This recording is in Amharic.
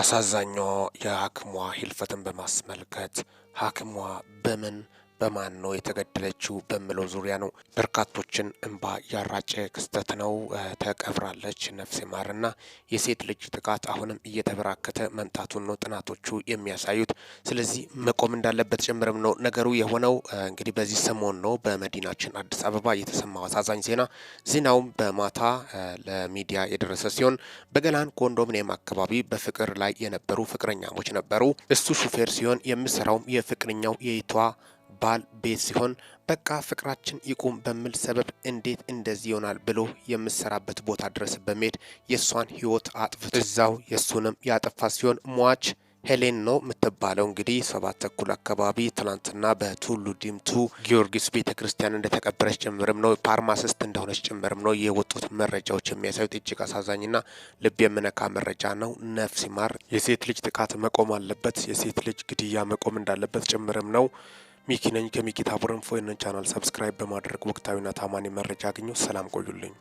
አሳዛኛ የሀክሟ ህልፈትን በማስመልከት ሀክሟ በምን በማን ነው የተገደለችው በሚለው ዙሪያ ነው። በርካቶችን እንባ ያራጨ ክስተት ነው። ተቀብራለች ነፍሴ ማርና የሴት ልጅ ጥቃት አሁንም እየተበራከተ መምጣቱን ነው ጥናቶቹ የሚያሳዩት። ስለዚህ መቆም እንዳለበት ጭምርም ነው ነገሩ የሆነው። እንግዲህ በዚህ ሰሞን ነው በመዲናችን አዲስ አበባ የተሰማው አሳዛኝ ዜና። ዜናውም በማታ ለሚዲያ የደረሰ ሲሆን በገላን ኮንዶሚኒየም አካባቢ በፍቅር ላይ የነበሩ ፍቅረኛሞች ነበሩ። እሱ ሹፌር ሲሆን የምሰራውም የፍቅረኛው የይቷ ባል ቤት ሲሆን በቃ ፍቅራችን ይቁም በሚል ሰበብ እንዴት እንደዚህ ይሆናል ብሎ የምሰራበት ቦታ ድረስ በመሄድ የእሷን ህይወት አጥፍቶ እዛው የእሱንም ያጠፋ ሲሆን ሟች ሄሌን ነው የምትባለው። እንግዲህ ሰባት ተኩል አካባቢ ትናንትና በቱሉ ዲምቱ ጊዮርጊስ ቤተ ክርስቲያን እንደተቀበረች ጭምርም ነው ፋርማሲስት እንደሆነች ጭምርም ነው የወጡት መረጃዎች የሚያሳዩት። እጅግ አሳዛኝና ልብ የምነካ መረጃ ነው። ነፍስ ይማር። የሴት ልጅ ጥቃት መቆም አለበት። የሴት ልጅ ግድያ መቆም እንዳለበት ጭምርም ነው ሚኪ ነኝ ከሚኪታ ቡረንፎ። ይህንን ቻናል ሰብስክራይብ በማድረግ ወቅታዊና ታማኒ መረጃ አግኙ። ሰላም ቆዩልኝ።